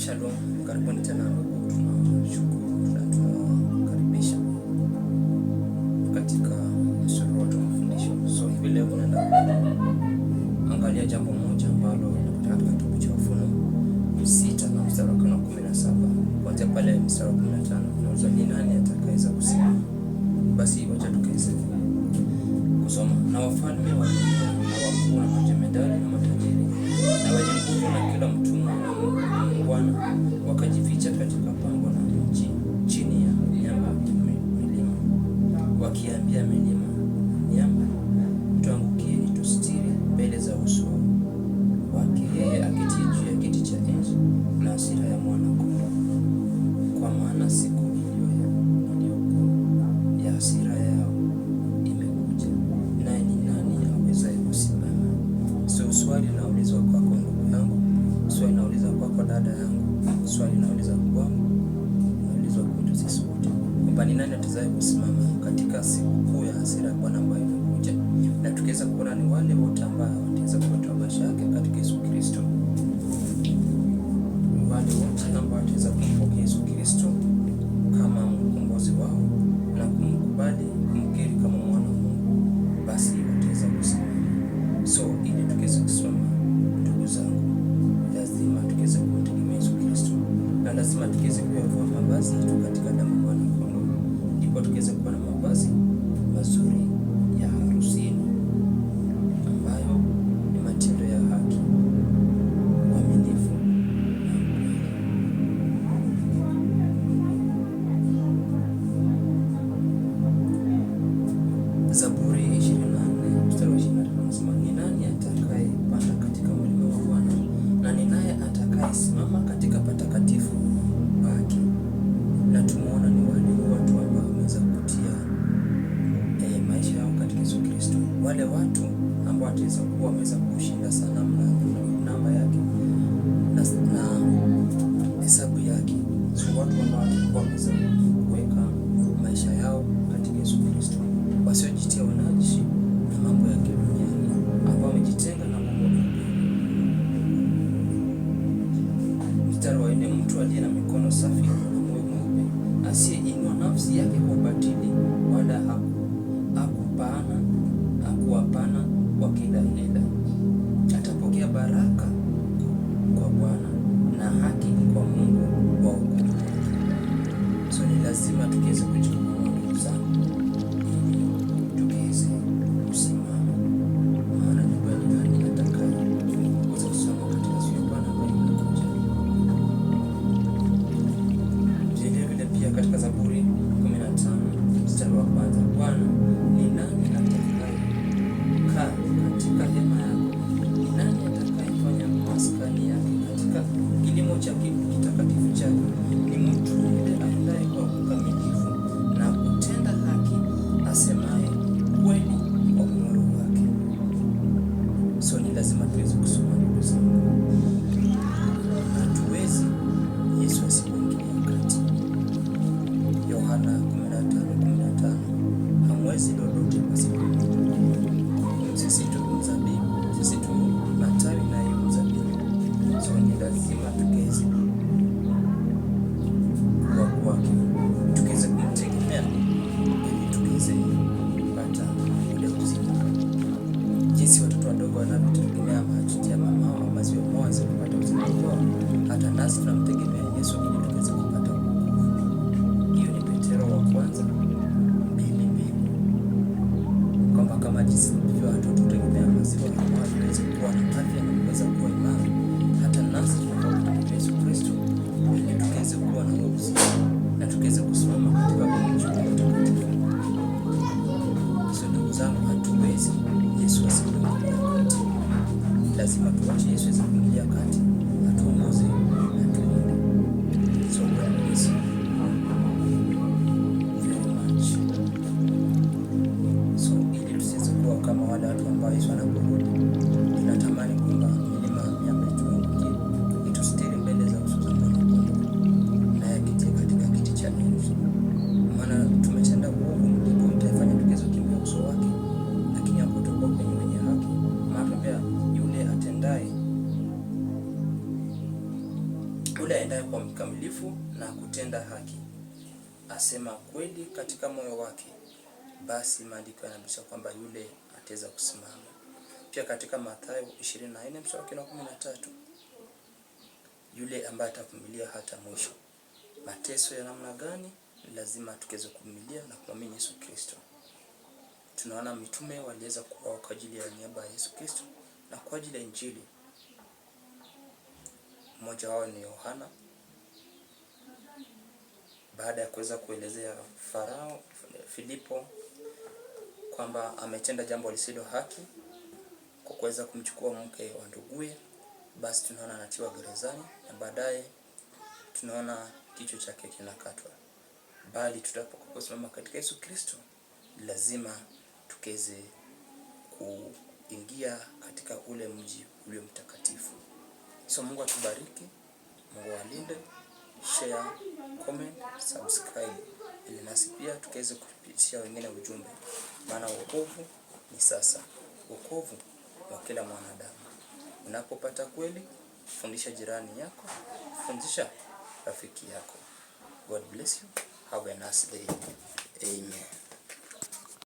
Shalom, karibuni tena ndugu, tunashukuru tunakaribisha katika msururu wa mafundisho. So hivi leo tunaenda angalia jambo moja ambalo linapatikana katika kitabu cha Ufunuo sita na mstari wa kumi na saba kuanzia pale mstari wa kumi na tano unauza ni nani atakayeweza kusema? Basi wacha tukaweze kusoma. Na wafalme wa dunia na wakuu na majemadari na matajiri na wenye nguvu na kila mtumwa Bwana wakajificha katika pango la mji chini ya miamba milima, wakiambia milima miamba, tuangukieni, tusitiri mbele za uso wake yeye akitie juu ya kiti cha enzi na asira ya mwana kondoo, kwa maana siku nauliza kwako dada yangu, swali nauliza kwangu, naulizwa kwetu sisi wote, kwamba ni nani atazai kusimama katika sikukuu ya hasira ya Bwana ambayo inakuja, na tukiweza kuona ni wale wote ambao wataweza kutoa maisha yake katika Yesu Kristo, wale wote ambao wataweza kumpokea Yesu Kristo kama mkombozi wao na kumkubali kumkiri kama mwana wa Mungu, basi wataweza kusimama so nafasi yetu katika damu ya mwana ndipo tukiweza kuwa na mavazi mazuri ya harusi yenu ambayo ni matendo ya haki, uaminifu na ukweli. Zaburi 24 mstari wa 25 nasema, ni nani atakayepanda katika mlima wa Bwana na ni naye atakayesimama katika patakatifu waweza kuwa wameweza kushinda sana బతికేసి పెంచుకున్నాను kuwa hata nasi tunamtegemea Yesu ili tuweze kupata wokovu. Hiyo ni petero wa kwanza mbili mbili, kwamba kama jinsi watoto tegemea maziwa na maji tuweze kuwa na afya na kuweza kuwa imara, hata nasi tunamtegemea Yesu Kristo ili tuweze kuwa na nguvu na tuweze kusimama katika Mungu mtakatifu. ndugu zangu, hatuwezi Yesu asiingilie kati, lazima tuache Yesu asiingilie kati. Yule aendaye kwa mkamilifu na kutenda haki, asema kweli katika moyo wake, basi maandiko yanabisha kwamba yule ataweza kusimama. Pia katika Mathayo 24 mstari wa 13, yule ambaye atavumilia hata mwisho. Mateso ya namna gani? Lazima tukiweze kuvumilia na kuamini Yesu Kristo. Tunaona mitume waliweza kuwa kwa ajili ya niaba ya Yesu Kristo na kwa ajili ya Injili mmoja wao ni Yohana. Baada ya kuweza kuelezea Farao Filipo kwamba ametenda jambo lisilo haki kwa kuweza kumchukua mke wa nduguye, basi tunaona anatiwa gerezani na baadaye tunaona kichwa chake kinakatwa. Bali tutakaposimama katika Yesu Kristo, lazima tukeze kuingia katika ule mji ulio mtakatifu. So Mungu atubariki, Mungu alinde, share, comment, subscribe ili nasi pia tukaweze kupitisha wengine ujumbe, maana wokovu ni sasa, wokovu wa kila mwanadamu. Unapopata kweli, fundisha jirani yako, fundisha rafiki yako. God bless you. Have a nice day. Amen.